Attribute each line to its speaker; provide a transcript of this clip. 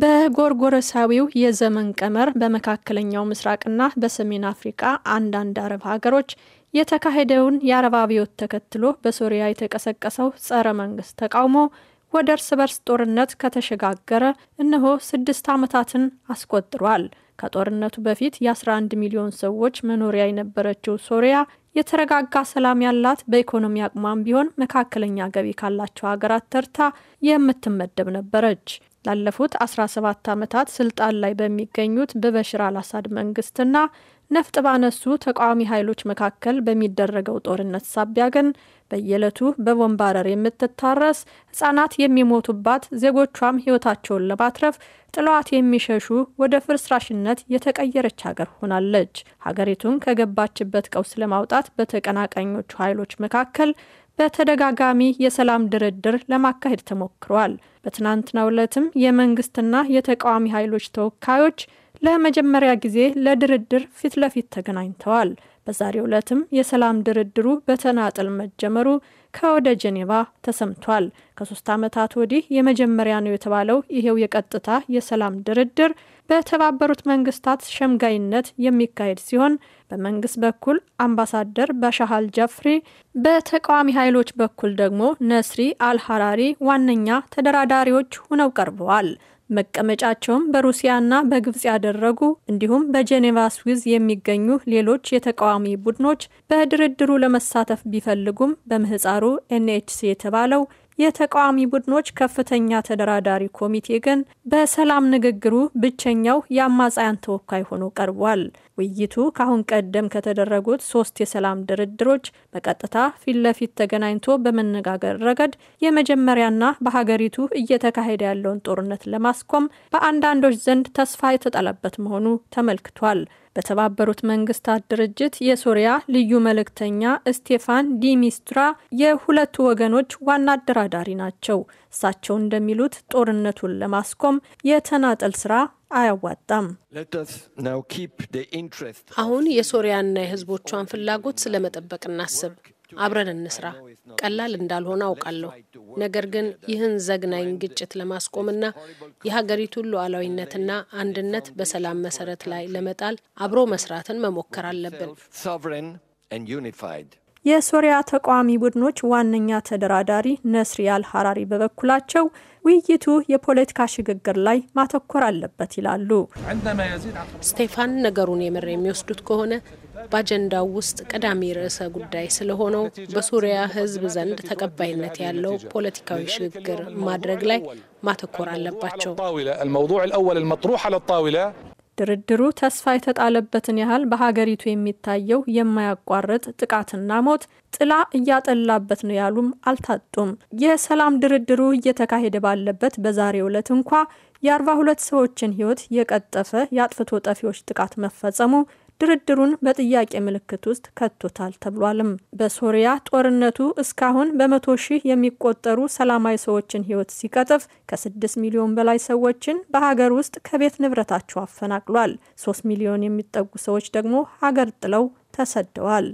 Speaker 1: በጎርጎረሳዊው የዘመን ቀመር በመካከለኛው ምስራቅና በሰሜን አፍሪካ አንዳንድ አረብ ሀገሮች የተካሄደውን የአረብ አብዮት ተከትሎ በሶሪያ የተቀሰቀሰው ጸረ መንግስት ተቃውሞ ወደ እርስ በርስ ጦርነት ከተሸጋገረ እነሆ ስድስት ዓመታትን አስቆጥሯል። ከጦርነቱ በፊት የ11 ሚሊዮን ሰዎች መኖሪያ የነበረችው ሶሪያ የተረጋጋ ሰላም ያላት በኢኮኖሚ አቅሟም ቢሆን መካከለኛ ገቢ ካላቸው ሀገራት ተርታ የምትመደብ ነበረች። ላለፉት 17 ዓመታት ስልጣን ላይ በሚገኙት በበሽር አልአሳድ መንግስትና ነፍጥ ባነሱ ተቃዋሚ ኃይሎች መካከል በሚደረገው ጦርነት ሳቢያ ግን በየዕለቱ በቦምባረር የምትታረስ ሕፃናት የሚሞቱባት ዜጎቿም ሕይወታቸውን ለማትረፍ ጥለዋት የሚሸሹ ወደ ፍርስራሽነት የተቀየረች ሀገር ሆናለች። ሀገሪቱን ከገባችበት ቀውስ ለማውጣት በተቀናቃኞቹ ኃይሎች መካከል በተደጋጋሚ የሰላም ድርድር ለማካሄድ ተሞክሯል። በትናንትናው ዕለትም የመንግስትና የተቃዋሚ ኃይሎች ተወካዮች ለመጀመሪያ ጊዜ ለድርድር ፊት ለፊት ተገናኝተዋል። በዛሬ ዕለትም የሰላም ድርድሩ በተናጠል መጀመሩ ከወደ ጄኔቫ ተሰምቷል። ከሶስት ዓመታት ወዲህ የመጀመሪያ ነው የተባለው ይሄው የቀጥታ የሰላም ድርድር በተባበሩት መንግስታት ሸምጋይነት የሚካሄድ ሲሆን በመንግስት በኩል አምባሳደር በሻሃል ጃፍሪ፣ በተቃዋሚ ኃይሎች በኩል ደግሞ ነስሪ አልሐራሪ ዋነኛ ተደራዳሪዎች ሆነው ቀርበዋል። መቀመጫቸውም በሩሲያና በግብጽ ያደረጉ እንዲሁም በጄኔቫ ስዊዝ የሚገኙ ሌሎች የተቃዋሚ ቡድኖች በድርድሩ ለመሳተፍ ቢፈልጉም በምህፃሩ ኤንኤችሲ የተባለው የተቃዋሚ ቡድኖች ከፍተኛ ተደራዳሪ ኮሚቴ ግን በሰላም ንግግሩ ብቸኛው የአማጽያን ተወካይ ሆኖ ቀርቧል። ውይይቱ ከአሁን ቀደም ከተደረጉት ሶስት የሰላም ድርድሮች በቀጥታ ፊት ለፊት ተገናኝቶ በመነጋገር ረገድ የመጀመሪያና በሀገሪቱ እየተካሄደ ያለውን ጦርነት ለማስቆም በአንዳንዶች ዘንድ ተስፋ የተጣለበት መሆኑ ተመልክቷል። በተባበሩት መንግስታት ድርጅት የሶሪያ ልዩ መልእክተኛ ስቴፋን ዲሚስትራ የሁለቱ ወገኖች ዋና አደራዳሪ ናቸው። እሳቸው እንደሚሉት ጦርነቱን ለማስቆም
Speaker 2: የተናጠል ስራ አያዋጣም። አሁን የሶሪያና የህዝቦቿን ፍላጎት ስለመጠበቅ እናስብ። አብረን እንስራ። ቀላል እንዳልሆነ አውቃለሁ። ነገር ግን ይህን ዘግናኝ ግጭት ለማስቆምና የሀገሪቱን ሉዓላዊነትና አንድነት በሰላም መሰረት ላይ ለመጣል አብሮ መስራትን መሞከር አለብን።
Speaker 1: የሶሪያ ተቃዋሚ ቡድኖች ዋነኛ ተደራዳሪ ነስሪ አል ሀራሪ በበኩላቸው ውይይቱ የፖለቲካ ሽግግር
Speaker 2: ላይ ማተኮር አለበት ይላሉ። ስቴፋን ነገሩን የምር የሚወስዱት ከሆነ በአጀንዳው ውስጥ ቀዳሚ ርዕሰ ጉዳይ ስለሆነው በሱሪያ ሕዝብ ዘንድ ተቀባይነት ያለው ፖለቲካዊ ሽግግር ማድረግ ላይ ማተኮር አለባቸው። ድርድሩ ተስፋ የተጣለበትን ያህል በሀገሪቱ
Speaker 1: የሚታየው የማያቋርጥ ጥቃትና ሞት ጥላ እያጠላበት ነው ያሉም አልታጡም። የሰላም ድርድሩ እየተካሄደ ባለበት በዛሬ ዕለት እንኳ የ42 ሰዎችን ሕይወት የቀጠፈ የአጥፍቶ ጠፊዎች ጥቃት መፈጸሙ ድርድሩን በጥያቄ ምልክት ውስጥ ከቶታል ተብሏልም። በሶሪያ ጦርነቱ እስካሁን በመቶ ሺህ የሚቆጠሩ ሰላማዊ ሰዎችን ህይወት ሲቀጥፍ ከስድስት ሚሊዮን በላይ ሰዎችን በሀገር ውስጥ ከቤት ንብረታቸው አፈናቅሏል። ሶስት ሚሊዮን የሚጠጉ ሰዎች ደግሞ ሀገር ጥለው ተሰደዋል።